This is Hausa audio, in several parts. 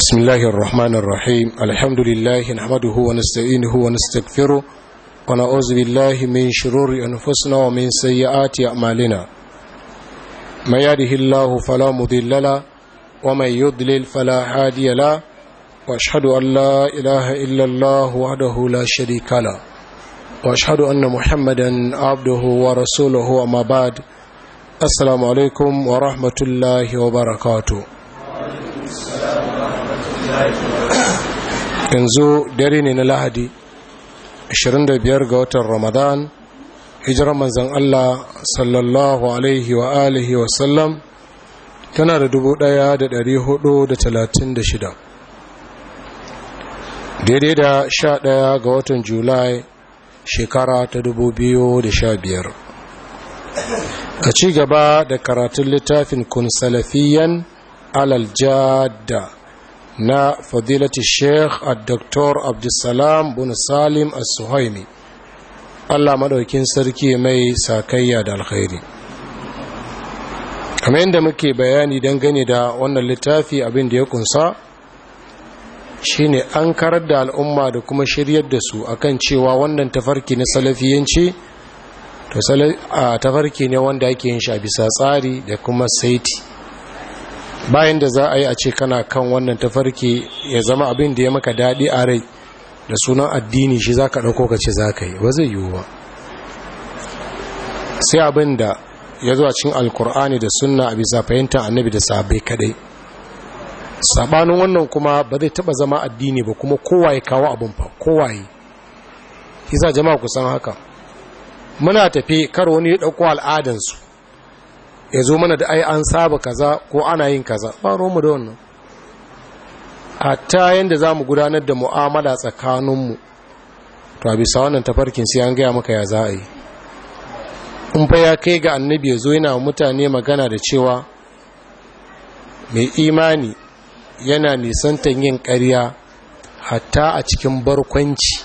بسم الله الرحمن الرحيم الحمد لله نحمده ونستعينه ونستغفره ونعوذ بالله من شرور أنفسنا ومن سيئات أعمالنا ما يهده الله فلا مضل له ومن يضلل فلا هادي له وأشهد أن لا إله إلا الله وحده لا شريك له وأشهد أن محمدا عبده ورسوله وما بعد السلام عليكم ورحمة الله وبركاته وعليكم السلام yanzu dare ne na lahadi 25 ga watan ramadan hijirar manzan Allah sallallahu alaihi wa alihi wa sallam tana da da talatin shida daidai da sha 11 ga watan julai shekara ta dubu biyu da sha biyar a ci gaba da karatun littafin kun salafiyan alaljada na fadilati sheikh al-doktor abdulsalam bin salim al-suhaimi allah maɗaukin sarki mai sakayya da alkhairi kamar yadda muke bayani dangane da wannan littafi abin da ya kunsa shine an karar da al'umma da kuma shiryar da su akan cewa wannan tafarki na salafiyanci to tafarki ne wanda ake yin shi bisa tsari da kuma saiti bayan da za a yi a ce kana kan wannan tafarki ya zama abin da ya maka daɗi a rai da sunan addini shi za ka ɗauko ka ce za ka yi ba zai yiwu ba sai abin da ya zuwa cin alkur'ani da sunna a bisa fahimtar annabi da sabai kadai sabanin wannan kuma ba zai taɓa zama addini ba kuma kowaye kawo abin fa kowaye za jama'a kusan haka muna tafi kar wani ya ɗauko al'adansu ya zo mana da ai an saba kaza ko ana yin kaza ba mu da wannan hatta yadda za mu gudanar da mu'amala tsakaninmu to a bisa wannan tafarkin sai an gaya maka ya za a yi in fa ya kai ga annabi ya zo yana mutane magana da cewa mai imani yana nisantan yin ƙarya hatta a cikin barkwanci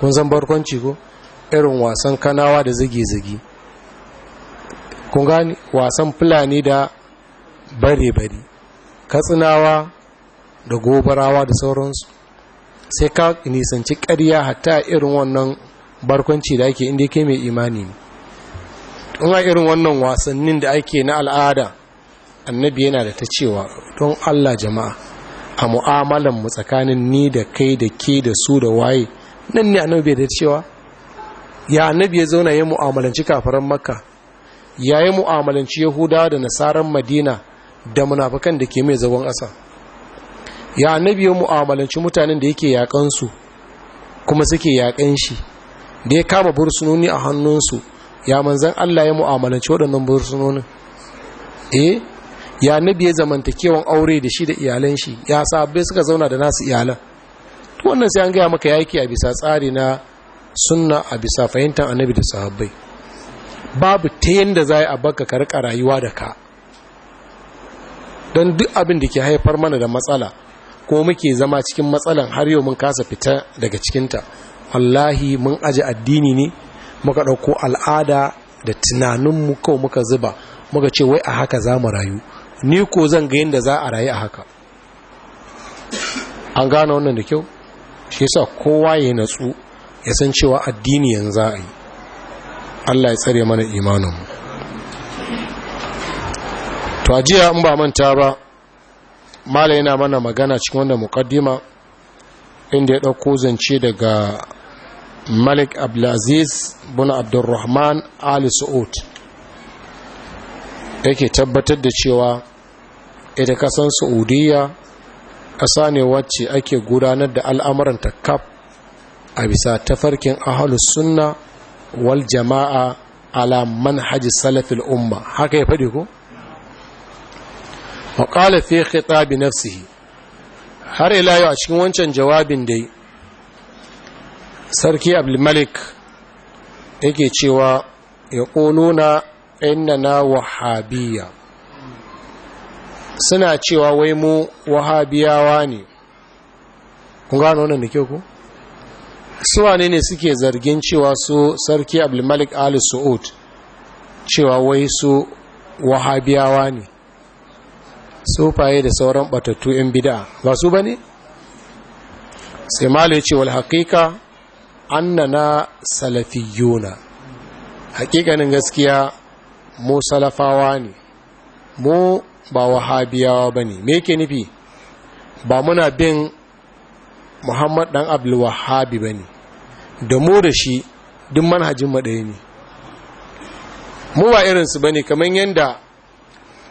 kun san barkwanci ko irin wasan kanawa da zige zage kun wasan fulani da bare-bare katsinawa da gobarawa da sauransu sai ka nisanci ƙarya hatta irin wannan barkwanci da ake inda ke mai imani ne don a irin wannan wasannin da ake na al'ada annabi yana da ta cewa don allah jama'a a mu'amalan mu tsakanin ni da kai da ke da su da waye nan ne annabi da cewa ya annabi ya zauna ya mu'amalanci kafaran makka Ya yi mu'amalanci yahuda da nasarar madina da munafikan da ke mai zagon ƙasa ya annabi ya mu'amalanci mutanen da yake yaƙansu kuma suke yaƙan shi da ya kama bursunoni a hannunsu ya manzan Allah ya mu'amalanci waɗannan bursunonin eh ya annabi ya kewan aure da shi da iyalan shi ya sabbai suka zauna da nasu iyalan to wannan sai an gaya maka yaki a bisa tsari na sunna a bisa fahimtar annabi da sahabbai babu ta yadda za a baka karka rayuwa da ka don duk abin da ke haifar mana da matsala ko muke zama cikin matsalan har yau mun kasa fita daga cikinta wallahi mun aji addini ne muka ɗauko al'ada da tunaninmu kawai muka zuba muka ce wai a haka za mu rayu ni ko zan ga yadda za a rayu a haka an gane wannan da kyau shi sa kowa ya natsu ya san cewa addini yanzu za a yi Allah ya tsare mana imanin to ajiya in ba manta ba mala yana mana magana cikin wanda muqaddima inda ya dauko zance daga Malik Abdulaziz bin Abdulrahman Ali Saud yake tabbatar da cewa ita kasan Saudiya ƙasa ne wacce ake gudanar da ta kaf a bisa tafarkin Ahlus sunna wal jama'a ala haji salafil umma haka ya faɗi ko wa qala fi nafsihi har ila yau a cikin wancan jawabin dai sarki abdul malik yake cewa ya ina na wahabiya suna cewa wai mu wahabiyawa ne kun gano wannan da kyau ku suwane ne suke zargin cewa su sarki abdulmalik ali su'ud cewa wai su wahabiyawa ne Su faye da sauran batattu 'yan bida ba su ba ne? sai malu ce wal haƙiƙa annana salafiyuna haƙiƙanin gaskiya mu salafawa ne mu ba wahabiyawa ba ne me ke nufi ba muna bin muhammad dan abdulwahabi ba ne da mu da shi duk manhajin maɗaya ne mu ba irinsu ba ne kamar yadda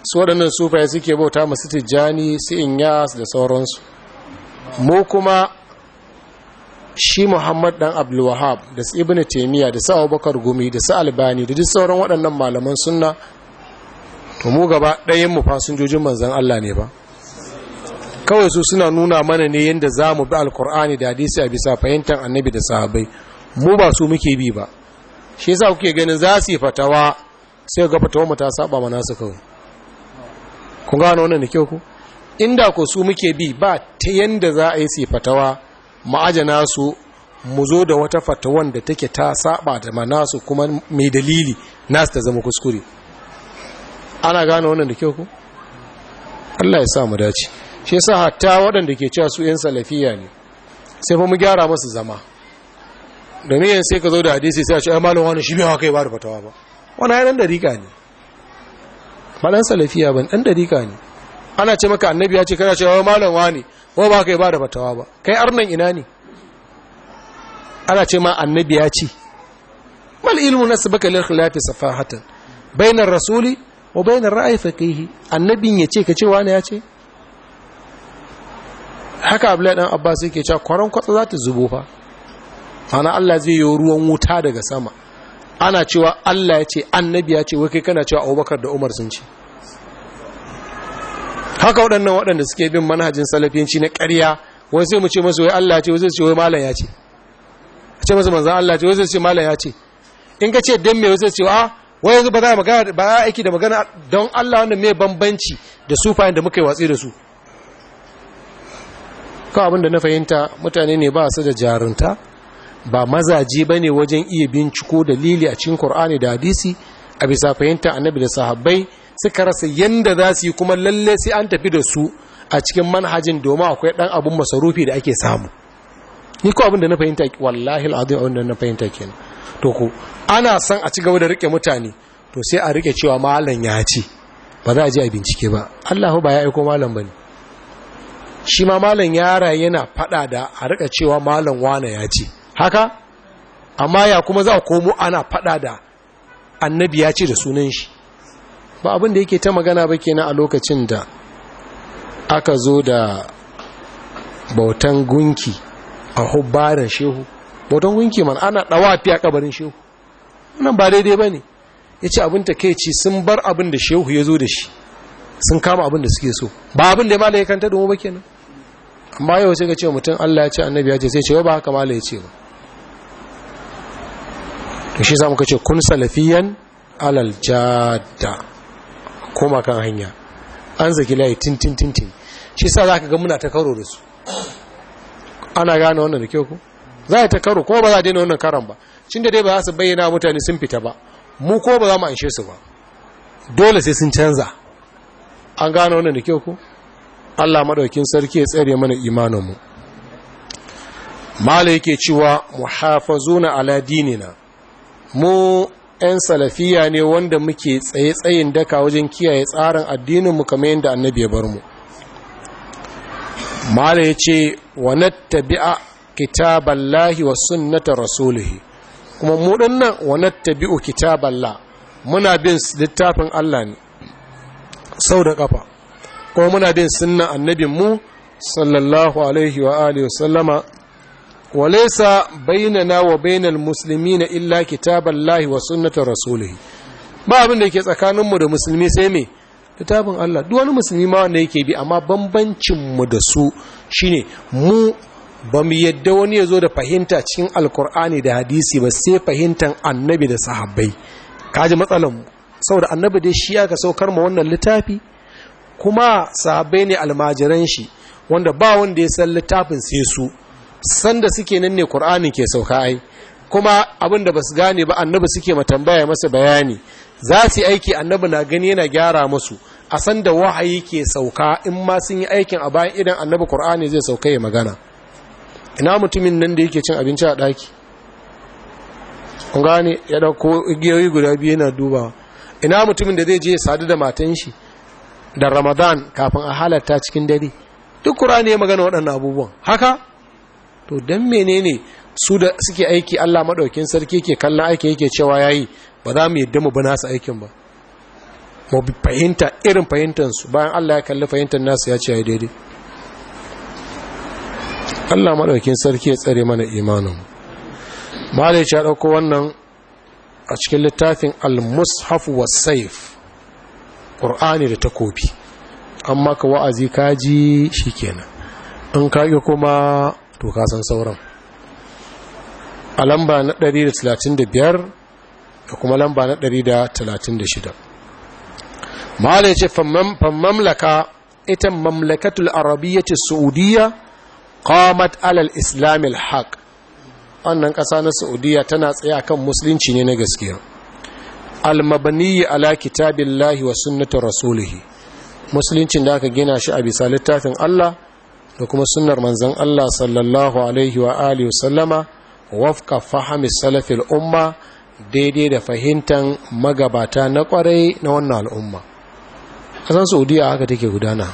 su waɗannan sufaye suke bauta masu tijjani su inyas da sauransu mu kuma shi muhammad dan abdulwahab da su ibn taimiyya da su abubakar gumi da su albani da duk sauran waɗannan malaman sunna to mu gaba ɗayan mu fasinjojin manzan allah ne ba kawai su suna nuna mana ne yadda za mu bi alkur'ani da hadisi a bisa fahimtar annabi da sahabai mu ba su muke bi ba shi yasa kuke ganin za su yi fatawa sai ga fatawa mu ta saba mana su kawai ku gano wannan da kyau ku inda ko su muke bi ba ta yadda za a yi su fatawa ma'ajana su mu zo da wata fatawan da take ta saba da mana su kuma mai dalili nasu ta zama kuskure ana gano wannan da kyau ku Allah ya sa mu dace shi sa hatta waɗanda ke cewa su 'yan salafiya ne sai fa mu gyara masu zama domin yin sai ka zo da hadisi sai a ce ai wani shi bai kai ba da fatawa ba wani ai da dariƙa ne ba dan salafiya ba da dariƙa ne ana ce maka annabi ya ce kana cewa malam wani wani ba kai ba da fatawa ba kai arnan ina ne ana ce ma annabi ya ce mal ilmu nasbaka lil khilafi safahatan bainar rasuli wa bainar ra'ayi faqihi annabin ya ce ka ce wani ya ce haka abdullahi dan abbas yake cewa kwaron kwatsa za ta zubo fa ana Allah zai yi ruwan wuta daga sama ana cewa Allah ya ce annabi ya ce wai kai kana cewa Abubakar da Umar sun ce haka waɗannan waɗanda suke bin manhajin salafiyanci na ƙarya wani sai mu ce masu wai Allah ya ce wai ce wai malam ya ce a ce masu manzan Allah ce wai sai malam ya ce in ka ce don me wai sai ce a ah, wai yanzu ba za a aiki da magana don Allah wanda mai bambanci da sufayen da muka yi watsi da su kawai abinda na fahimta mutane ne ba su da jarunta ba mazaje ba ne wajen iya binciko dalili a cikin Kur'ani da hadisi a bisa fahimta annabi da sahabbai suka rasa yanda za su yi kuma lalle sai an tafi da su a cikin manhajin domin akwai dan abun masarufi da ake samu ni ko abin da na fahimta wallahi al'adun abin da na fahimta kenan to ku ana son a ci gaba da rike mutane to sai a rike cewa malam ya ci ba za a je a bincike ba Allah ba ya aiko malam ba ne. shi ma malam yara yana fada da a rika cewa malam wane ya ce haka amma ya kuma za a komo ana fada da annabi ya ce da sunan shi ba abin da yake ta magana ba kenan a lokacin da aka zo da bautan gunki a hubbarin shehu bautan gunki man ana dawafi a kabarin shehu wannan ba daidai ba ne ya ce abin ta kai sun bar abin da shehu ya zo da shi sun kama abin da suke so ba abin da ya mala ya kanta domin ba kenan amma yau sai ka ce mutum Allah ya ce annabi ya ce sai ce ba haka mala ya ce ba to shi zamu kace kun salafiyan alal jadda koma kan hanya an zaki layi tin tin tin tin shi sa zaka ga muna ta karo da su ana gane wannan da kyau ko za a ta karo ko ba za a daina wannan karan ba cin da dai ba za su bayyana mutane sun fita ba mu ko ba za mu anshe su ba dole sai sun canza an gane wannan da kyau ko Allah madaukin sarki ya tsare mana imanin mu mala yake cewa muhafazuna ala dinina mu 'yan salafiya ne wanda muke tsaye-tsayin daka wajen kiyaye tsarin mu kamar yadda annabi ya bar mu mala ya ce wa nattabi'a kitaballahi wa sunnata rasulihi kuma mu dinnan wa nattabi'u kitaballah muna bin littafin Allah ne sau da kafa kuma muna bin sunna annabin mu sallallahu alaihi wa alihi wasallama wa laysa bainana wa bainal muslimina illa kitaballahi wa sunnatu rasulih ba abin da yake tsakanin mu da musulmi sai me kitabun Allah duk wani musulmi ma wanda yake bi amma bambancin mu da su shine mu ba mu yadda wani ya zo da fahimta cikin alkur'ani da hadisi ba sai fahimtar annabi da sahabbai kaji matsalan saboda annabi dai shi ka saukar ma wannan littafi kuma sahabbai ne almajiran shi wanda ba wanda ya san littafin sai su sanda suke nan ne qur'ani ke sauka ai kuma abin da basu gane ba annabi suke matambaya masa bayani za su aiki annabi na gani yana gyara musu a sanda wahayi ke sauka in ma sun yi aikin a bayan idan annabi qur'ani zai sauka ya magana ina mutumin nan da yake cin abinci a daki kun gane ya dauko igiyoyi guda biyu yana dubawa ina mutumin da zai je ya sadu da matan shi da ramadan kafin a halatta cikin dare duk ƙur'ani ya magana waɗannan abubuwan haka to don menene su da suke aiki allah maɗaukin sarki ke kallon aiki yake cewa ya yi ba za mu yadda mu bi nasu aikin ba mu fahimta irin fahimtansu bayan allah ya kalli fahimtar nasu ya ce ya daidai allah maɗaukin sarki ya tsare mana imanin ma da ya ɗauko wannan a cikin littafin al-mushaf wa saif Qur'ani da takobi amma ka wa'azi kaji kenan in ka yi kuma to ka san sauran a lamba na 135 da kuma lamba na 136 mala ya ce mamlaka ita mamlakatul arabiyyaci saudiya qamat alal islamil haq wannan ƙasa na saudiya tana tsaye kan musulunci ne na gaskiya almabaniyi ala kitabillahi wa sunnati rasulihi musuluncin da aka gina shi a bisa littafin Allah da kuma sunnar manzan Allah sallallahu alaihi wa alihi wasallama wafqa fahmi salafin umma daidai da fahimtan magabata na kwarai na wannan al'umma kasan saudiya haka take gudana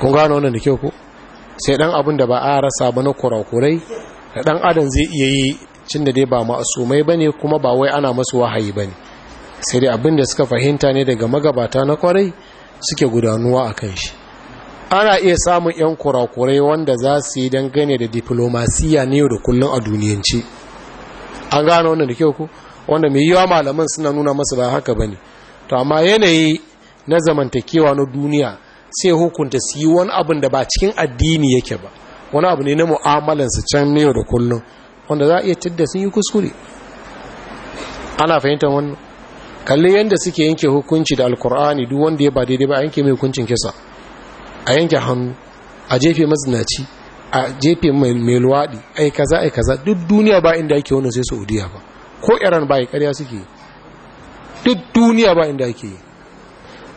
kun gano wannan da kyau ku? sai dan abin da ba a rasa ba na kurakurai da dan adam zai iya yi cin da dai ba ma'asumai bane kuma ba wai ana masu wahayi bane sai dai abin da suka fahimta ne daga magabata na kwarai suke gudanuwa a kan shi ana iya samun 'yan kurakurai wanda za su yi dangane da diplomasiya ne da kullum a duniyance an gane wannan da kyau ku wanda mai yiwa malaman suna nuna masa ba haka ba ne to amma yanayi na zamantakewa na duniya sai hukunta su yi wani abin da ba cikin addini yake ba wani abu ne na mu'amalansu can ne da kullum wanda za a iya tidda sun yi kuskure ana fahimtar wannan kalli yadda suke yanke hukunci da alkur'ani duk wanda ya ba daidai ba a yanke mai hukuncin kisa a yanke hannu a jefe mazinaci a jefe mai luwaɗi ai kaza ai kaza duk duniya ba inda ake wani sai saudiya ba ko iran ba ƙarya suke duk duniya ba inda ake yi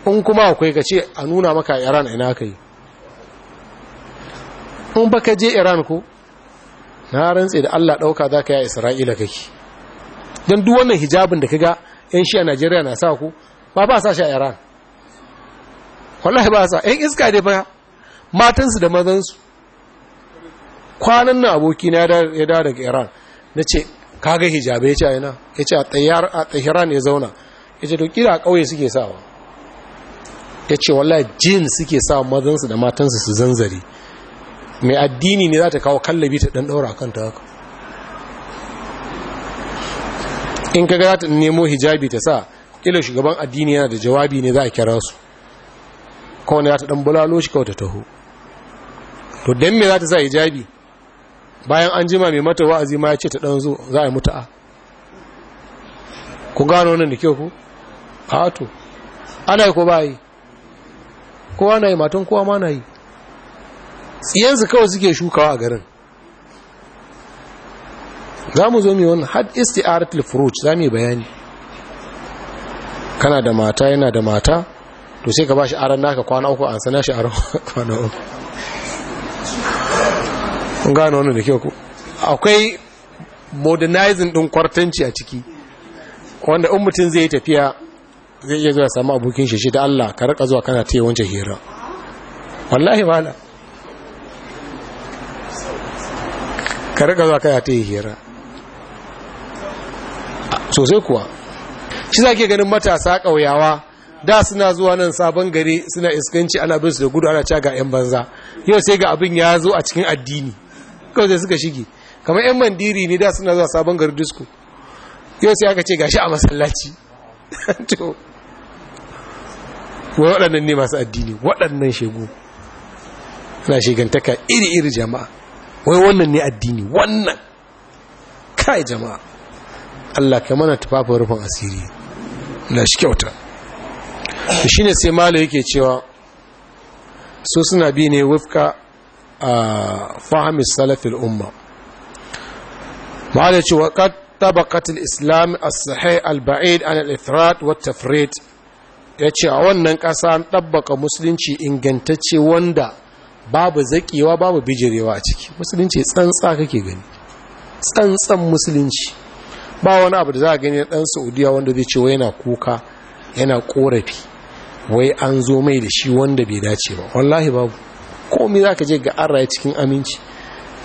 in kuma akwai ka ce a nuna maka iran ina ka yi in baka je iran ko na rantse da allah ɗauka za ka yi a isra'ila kake don duk wannan hijabin da ka ga yan shi a najeriya na sa ku ba ba sa shi a iran wallahi ba sa yan iska ne ba matansu da mazansu kwanan nan na ya dawo daga iran na ce kaga hijabai ya ce a ina ya ce a tsahiran ya zauna ya ce dokira a ƙauye suke sawa ya ce wallahi jin suke sa mazansu da matansu su zanzari? mai addini ne za ta kawo kallabi ta ɗan ɗaura a kanta haka in ka gata nemo hijabi ta sa ila shugaban addini yana da jawabi ne za a kira su kawai ya ta dan bulalo shi kawai ta taho to dan me za ta sa hijabi bayan an jima mai mata wa'azi ma ya ce ta dan zo za a yi mutu'a ku gano nan da kyau ku a to ana yi ko ba yi kowa na yi matan kowa ma na yi tsiyansu kawai suke shukawa a garin za mu zo mai wani had isti'aratul furuj za mu bayani kana da mata yana da mata to sai ka ba shi aran naka kwana uku an sana shi aran kwana uku kun gano wannan da ke ku akwai modernizing din kwartanci a ciki wanda in mutum zai tafiya zai iya zuwa samu abokin shi shi da Allah ka raka zuwa kana taya wancan hira wallahi wala ka raka zuwa kana taya hira sosai kuwa shi za ke ganin matasa ƙauyawa da suna zuwa nan sabon gari suna iskanci ana bin su da gudu ana caga 'yan banza yau sai ga abin ya zo a cikin addini kawai sai suka shige kamar 'yan mandiri ne da suna zuwa sabon gari disco yau sai aka ce gashi a masallaci to waɗannan ne masu addini waɗannan shegu na shegantaka iri-iri jama'a wai wannan ne addini wannan kai jama'a Allah ka mana tufafin rufin asiri na shi kyauta shi ne sai malo yake cewa su suna bi ne wufka a fahimis salafin umma malo ce wa tabakat islam as-sahih al-ba'id an al-ithrat wa tafrit yace a wannan ƙasa an tabbaka musulunci ingantacce wanda babu zaƙewa babu bijirewa a ciki musulunci tsantsa kake gani tsantsan musulunci ba wani abu da za a gani ɗan saudiya wanda zai ce wai yana kuka yana korafi wai an zo mai da shi wanda bai dace ba wallahi babu komai za ka je ga an raye cikin aminci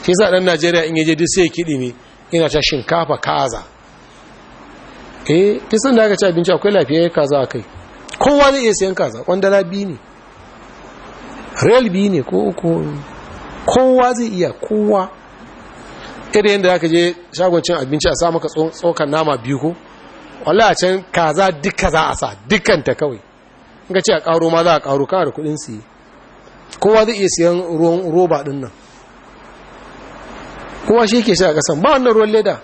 ke sa ɗan najeriya in yaje duk sai kiɗi ne yana ta shinkafa kaza eh ke san da aka ci abinci akwai lafiyayya kaza a kai kowa zai iya sayan kaza kwandala biyu ne real biyu ne ko kowa zai iya kowa irin yadda aka je shagon cin abinci a sa maka tsokan nama biyu ko wallahi a can kaza duka za a sa dukanta kawai in ka ce a karo ma za a karo ka da kudin siye kowa zai iya siyan ruwan roba din nan kowa shi ke sha a kasan ba wannan ruwan leda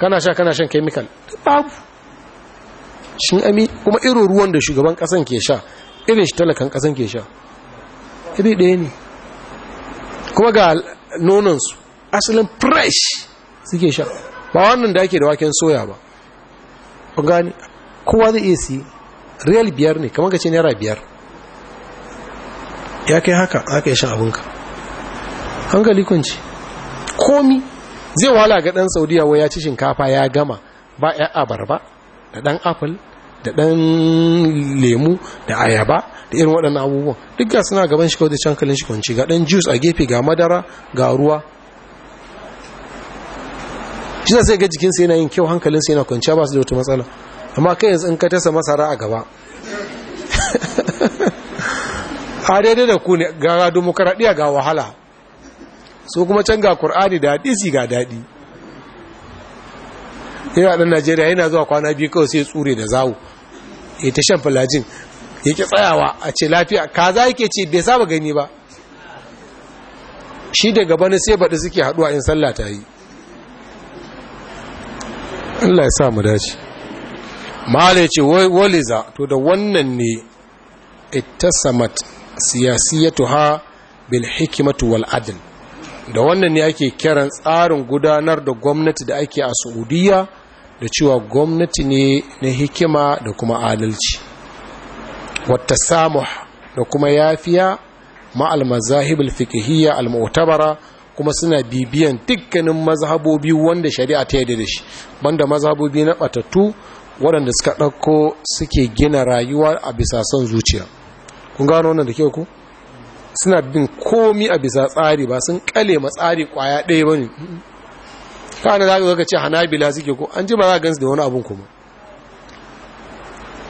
kana sha kana shan chemical babu shin ami kuma irin ruwan da shugaban kasan ke sha irin shi talakan kasan ke sha iri ɗaya ne kuma ga nonansu asalin fresh suke sha ba wannan da ake da waken soya ba kun gani kowa zai iya si real biyar ne kamar ka ce naira biyar ya kai haka haka yi shan abinka hankali kunci komi zai wahala ga ɗan saudiya wai ya ci shinkafa ya gama ba ya abarba da ɗan apple da ɗan lemu da ayaba da irin waɗannan abubuwan duk ga suna gaban shi kawai da can kalin shi kwanci ga ɗan juice a gefe ga madara ga ruwa shi sai ga jikinsa yana yin kyau hankalinsa yana kwanciya ba su da wata matsala amma kai yanzu in ka tasa masara a gaba a daidai da ku ne ga demokaradiyya ga wahala so kuma can ga kur'ani da hadisi ga daɗi yana ɗan najeriya yana zuwa kwana biyu kawai sai tsure da zawo ya ta shan falajin ya ke tsayawa a ce lafiya ka za yake ce bai saba gani ba shi daga bani sai baɗi suke haɗuwa in sallah ta yi Allah ya sa mu dace mala yace waliza to da wannan ne ittasamat siyasiyatuha bil hikmatu wal adl da wannan ne ake kiran tsarin gudanar da gwamnati da ake a Saudiya da cewa gwamnati ne na hikima da kuma adalci wata samu da kuma yafiya ma'al fiqhiyya al-mu'tabara kuma suna bibiyan dukkanin mazhabobi wanda shari'a ta yadda da shi banda mazhabobi na batattu waɗanda suka ɗauko suke gina rayuwa a bisa son zuciya kun gano wannan da kyau ku suna bin komi a bisa tsari ba sun kale ma tsari kwaya ɗaya ba ne kawai za ka ce hanabila suke ko an ji ba za a gansu da wani abun kuma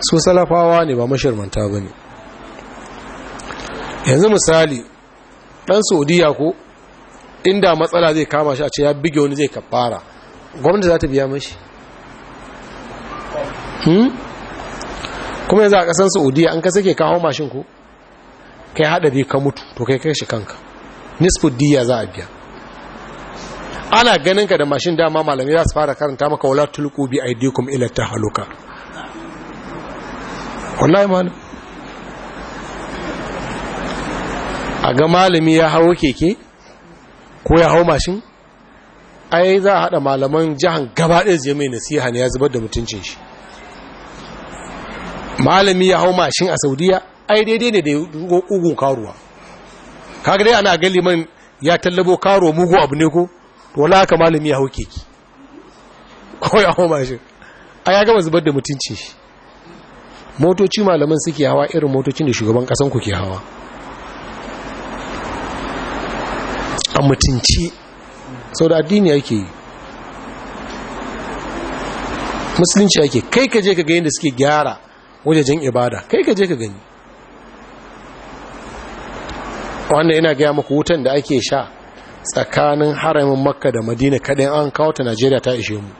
su salafawa ne ba mashirmanta ba ne yanzu misali ɗan saudiya ko inda matsala zai kama shi a ce ya bige wani zai kafara gwamnati za ta biya mashi hmm? kuma yanzu a ƙasar saudiya an kasa ke kawo mashin ku kai bai ka mutu to kai kai shi kanka nisfu diya za a biya ana ganin ka da mashin dama malami za su fara karanta maka wala tulku bi aidikum ila tahaluka wallahi malam a ga malami ya hawo keke ko ya hau mashin ai za a haɗa malaman jihar gabaɗe zai mai nasiha ne ya zubar da mutuncin shi malami ya hau mashin a saudiya ai daidai ne da ugun karuwa kaga dai ana gali man ya tallabo karuwa mugu abu ne ko wala haka malami ya hau keki ko ya hau mashin ai ya gama zubar da mutuncin shi motoci malaman suke hawa irin motocin da shugaban kasanku ku ke hawa a mutunci sau da addini ake yi musulunci ake kai ka je ka ga yadda suke gyara wajajen ibada kai ka je ka gani wannan yana gaya maka wutan da ake sha tsakanin haramin makka da madina kaɗin an kawo ta najeriya ta ishe mu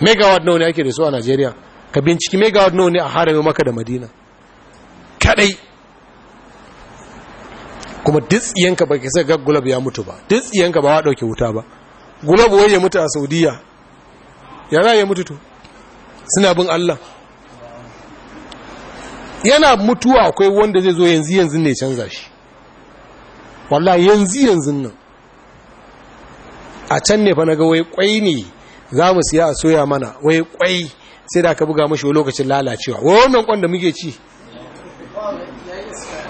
Megawad nawa ne ake da su a najeriya ka binciki megawad nawa ne a haramin makka da madina kaɗai kuma ditsiyanka ba ke sai ga gulab ya mutu ba ditsiyanka ba wa dauke wuta ba gulab wai ya mutu a saudiya yana ya mutu to suna bin allah yana mutuwa akwai wanda zai zo yanzu yanzu ne canza shi wallahi yanzu yanzu nan a can ne fa naga wai kwai ne za mu siya a soya mana wai kwai sai da aka buga mashi lokacin lalacewa wai wannan kwan da muke ci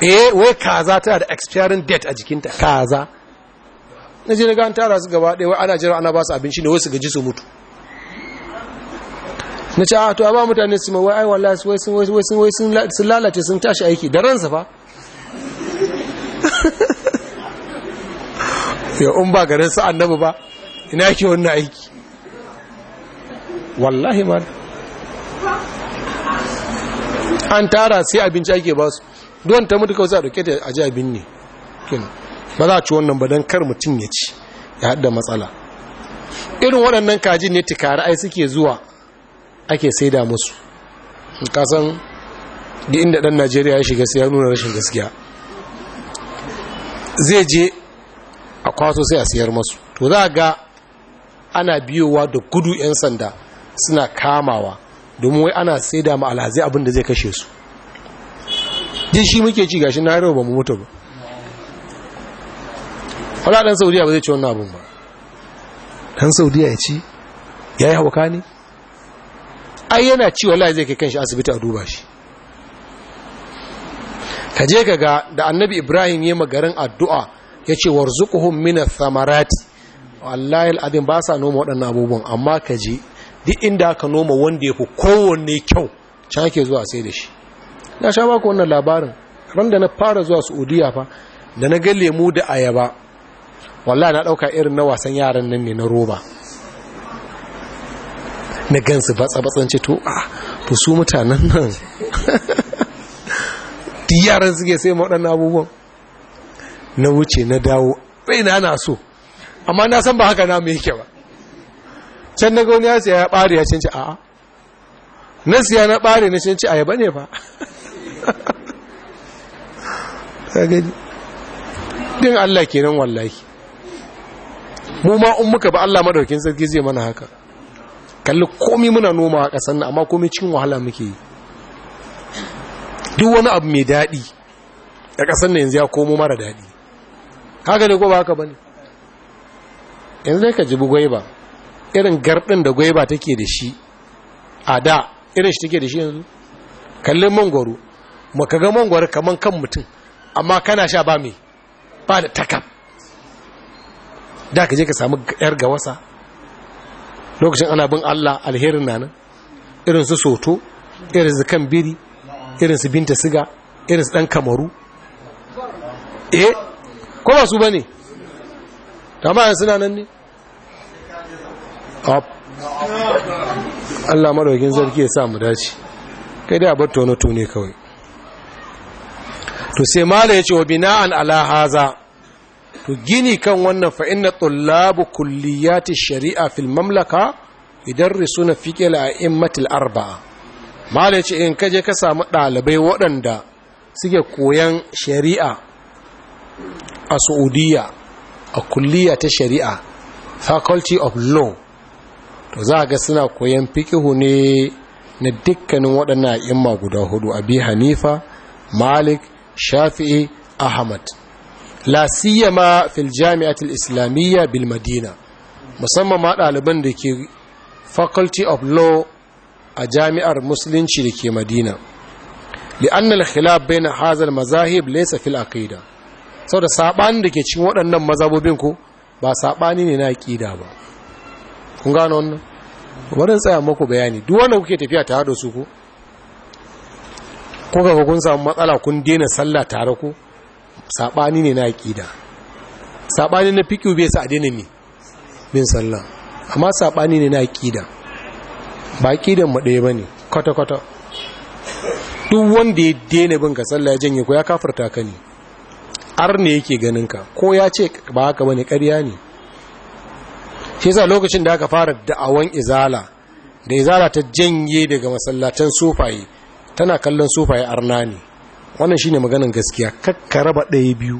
eh wai kaza tana da expiring date a jikinta kaza na je daga an tara su gaba ɗaya wai ana jira ana ba su abinci ne wai su gaji su mutu na ce a ah, to a ba mutane su mawai ai wallahi wai sun wai sun wai sun lalace sun tashi aiki da ransa fa ya un ba garin su annabi ba ina ke wannan aiki wallahi ma an tara sai abinci ake ba su duwan ta mutu kawai za a ɗauke ta a ji abin ne ba za a ci wannan ba don kar mutum ya ci ya haɗa matsala irin waɗannan kajin ne tikara ai suke zuwa ake saida musu kasan da inda ɗan najeriya ya shiga sai ya nuna rashin gaskiya zai je a kwaso sai a siyar masu to za a ga ana biyowa da gudu 'yan sanda suna kamawa domin wai ana saida ma ma'alazai abin da zai kashe su duk shi muke ci gashi na yaro ba mu mutu ba wala dan saudiya ba zai ci wannan abun ba dan saudiya ya ci ya yi hauka ne ai yana ci wallahi zai kai kanshi asibiti a duba shi ka je ka ga da annabi ibrahim ya magarin addu'a ya ce warzuquhum min samarati wallahi al'adin ba sa noma waɗannan abubuwan amma ka je duk inda aka noma wanda ya fi kowanne kyau can ake zuwa sai da shi na sha baku wannan labarin ran da na fara zuwa saudiya fa da na ga lemu da ayaba wallahi na ɗauka irin na wasan yaran nan ne na roba na gansu batsa-batsan ce to a ah, to su mutanen nan ti yaran suke sai waɗannan abubuwan na wuce na dawo bai na na so amma na san ba haka na mai yake ba can na gauni ya siya ya ɓare ya cinci a'a na siya na ɓare na cinci ayaba ne ba din Allah kenan wallahi mu ma in muka ba Allah madaukin sarki zai mana haka kalli komai muna noma a ƙasar nan amma komai cikin wahala muke yi duk wani abu mai daɗi a kasan nan yanzu ya komo mara daɗi haka ne ko ba haka bane yanzu ne ka bugwai gwaiba irin garɗin da gwaiba take da shi a da irin shi take da shi yanzu kallin mangwaro maka ga mangwar kaman kan mutum amma kana sha ba mai ba da takam da ka je ka samu yar wasa lokacin ana bin Allah alherin na nan irin su soto irin su kan biri irin su binta siga irin su dan kamaru eh ko ba su bane tamam suna nan ne Allah madaukin sarki ya sa mu dace kai dai abar bar tono tone kawai to sai mala ya ce wa bina'an ala haza to gini kan wannan fa inna tullabu kulliyati shari'a fil mamlaka idan risuna fiqil a'immatil arba'a mala ya ce in kaje ka samu ɗalibai waɗanda suke koyan shari'a a Saudiya a kulliya ta shari'a faculty of law to za ga suna koyan fiƙihu ne na dukkanin waɗannan a'imma guda hudu abi hanifa malik shafi'i ahmad la siyama fil jami'atul islamiyya bil madina musamman ma ɗaliban da ke faculty of law a jami'ar musulunci da ke madina li'an al-khilaf bain hadha al-mazahib laysa fil aqida da sabanin da ke cikin waɗannan mazhabobin ko ba saɓani ne na aqida ba kun gano wannan bari tsaya muku bayani duk kuke tafiya ta hado su ko ko ga kun samu matsala kun daina sallah tare ku sabani ne na aqida sabani na fiqhu bai sa daina ne bin sallah amma sabani ne na aqida ba aqidan mu daya bane kwata kwata duk wanda ya daina bin ka sallah ya janye ko ya kafirta ka ne ar ne yake ganin ka ko ya ce ba haka bane ƙarya ne shi yasa lokacin da aka fara da'awan izala da izala ta janye daga masallatan sufaye tana kallon sufaye arna ne wannan shine maganan gaskiya kakka raba ɗaya biyu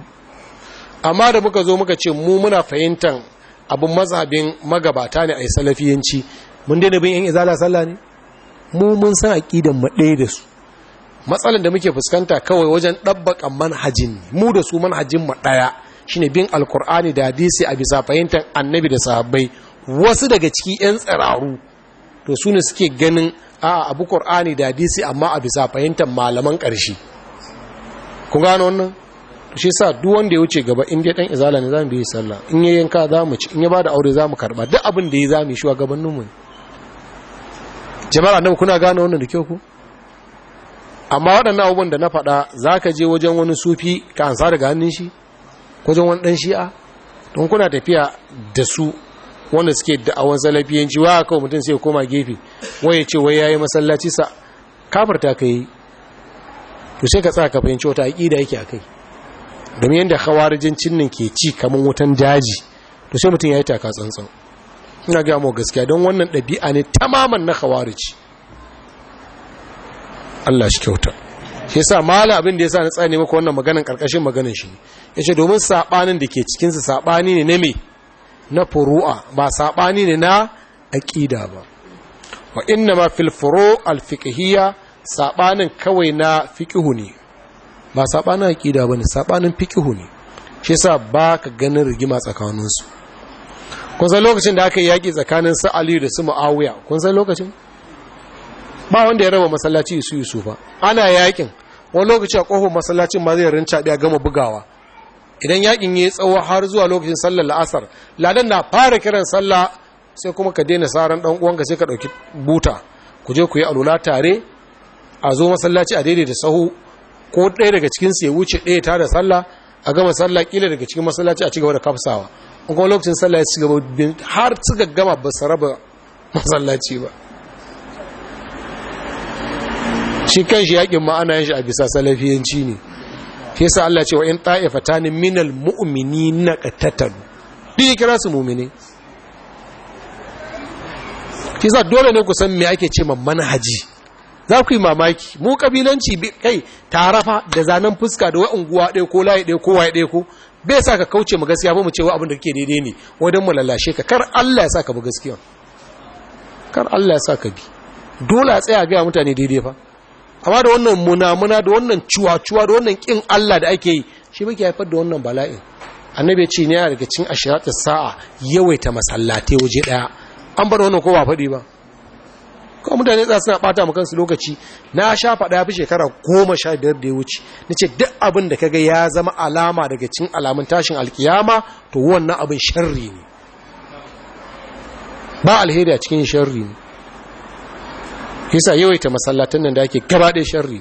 amma da muka zo muka ce mu muna fahimtar abin mazhabin magabata ne a yi salafiyanci mun daina bin yan izala sallah ne mu mun san aqidan mu ɗaya da su matsalan da muke fuskanta kawai wajen ɗabbaƙan manhajin mu da su manhajin mu ɗaya shine bin alkur'ani da hadisi a bisa fahimtar annabi da sahabbai wasu daga ciki yan tsiraru to su ne suke ganin a abu qur'ani da hadisi amma a bisa fahimtar malaman ƙarshe Ku gano wannan shi sa duk wanda ya wuce gaba in dai dan izala ne zamu bi sallah in ya yanka zamu ci in ya bada aure zamu karba duk abin da ya zamu shi wa gaban mu jama'a nan kuna gano wannan da kyau ku amma waɗannan abubuwan da na faɗa zaka je wajen wani sufi ka ansa daga hannun shi wajen wani dan shi'a don kuna tafiya da su wanda suke da'awan salafiyanci wa kawai mutum sai koma gefe waye ce wai yayi masallaci sa ta kai to sai ka tsaka ka fahimci wata aqida yake akai domin yanda khawarijincin cinnin ke ci kaman wutan daji to sai mutum yayi taka tsantsan ina ga mu gaskiya don wannan dabi'a ne tamaman na khawariji Allah shi kyauta shi yasa mala abin da yasa na tsane maka wannan maganan karkashin maganan shi yace domin sabanin da ke cikin saɓani sabani ne na me na furu'a ba saɓani ne na aƙida ba wa inna ma fil furu saɓanin kawai na fiqhu ne ba saɓanin aƙida ba ne saɓanin fiqhu ne shi yasa ba ka ganin rigima tsakaninsu kun san lokacin da aka yi yaƙi tsakanin su aliyu da su mu'awiya kun san lokacin ba wanda ya raba masallaci su yusufa ana yaƙin wani lokaci a ƙofar masallacin ma zai rinca a gama bugawa idan yakin ya yi tsawo har zuwa lokacin sallar la'asar ladan na fara kiran sallah sai kuma ka daina saran dan uwanka sai ka dauki buta ku je ku yi alula tare a zo masallaci a daidai da sahu ko ɗaya daga cikin ya wuce ɗaya ta da sallah a gama sallah kila daga cikin masallaci a cigaba da kafsawa in kuma lokacin sallah ya cigaba har suka gama ba su raba masallaci ba shi kan shi yakin ma ana yin shi a bisa salafiyanci ne shi Allah ce wa in ta'ifatan minal na qatatalu duk kira su mu'mini shi dole ne ku san me ake ce manhaji za ku yi mamaki mu kabilanci kai tarafa da zanen fuska da wa'in unguwa ɗaya ko layi ɗaya ko waye ɗaya ko bai sa ka kauce mu gaskiya ba mu cewa abin da kake daidai ne wajen mu lallashe ka kar Allah ya sa ka gaskiya kar Allah ya sa ka bi dole a tsaya ga mutane daidai fa amma da wannan munamuna da wannan cuwa-cuwa da wannan kin Allah da ake yi shi muke haifar da wannan bala'in annabi ya ce ne a daga cikin ashiratin sa'a yawaita masallate waje daya an bar wannan ko ba faɗi ba ko mutane za su na ɓata mu kansu lokaci na sha faɗa fi shekara goma sha biyar da ya wuce na ce duk abin da kaga ya zama alama daga cikin alamun tashin alkiyama to wannan abin sharri ne ba alheri a cikin sharri ne yasa yawaita masallatan nan da ake gaba ɗaya sharri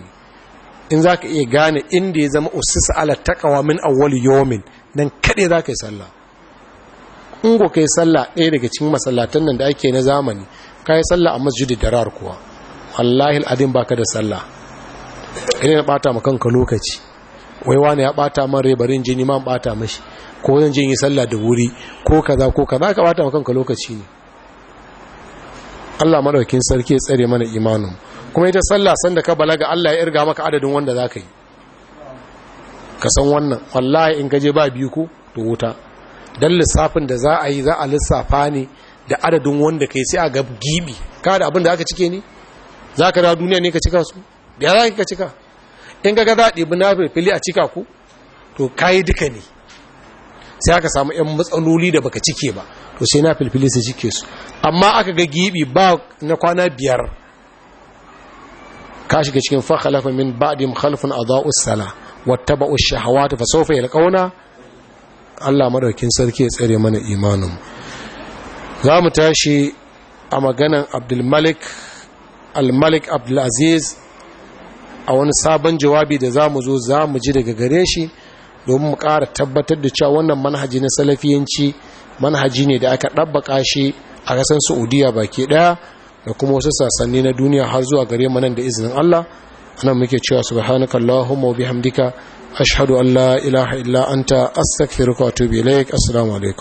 in za ka iya gane inda ya zama usus ala takawa min awwal yawmin Nan kade za ka yi salla. in go kai sallah ɗaya daga cikin masallatan nan da ake na zamani ka yi sallah a masjidi darar kuwa wallahi al'adin baka da sallah ina na bata ma kanka lokaci wai wani ya bata man rai barin jini man bata mashi ko zan je yi da wuri ko kaza ko kaza ka bata ma kanka lokaci ne Allah madaukin sarki ya tsare mana imanin kuma ita sallah sanda ka balaga Allah ya irga maka adadin wanda za ka yi ka san wannan wallahi in ka je ba biyu ko to wuta dan lissafin da za a yi za a lissafa ne da adadin wanda kai sai a ga gibi ka da abin da aka cike ne za ka da duniya ne ka cika su da za ka cika in ga za ɗibi na fili a cika ku to yi duka ne sai aka samu 'yan matsaloli da baka cike ba to sai na filfili su cike su amma aka ga gibi ba na kwana biyar ka shiga cikin fakhalafa min ba'dim khalfun adaa'us sala wattaba'u ash-shahawati fa sawfa yalqawna Allah madaukin sarki ya tsare mana imanin za mu tashi a maganan Abdul Malik Al-Malik Abdul Aziz a wani sabon jawabi da zamu zo zamu ji daga gare shi domin mu ƙara tabbatar da cewa wannan manhaji na salafiyanci manhaji ne da aka ɗabbaƙa shi a ƙasar saudiya baki ɗaya da kuma wasu sassanni na duniya har zuwa gare mu nan da izinin allah anan muke cewa su allahumma wa bihamdika ashhadu an la ilaha illa anta astaghfiruka wa atubu ilaik assalamu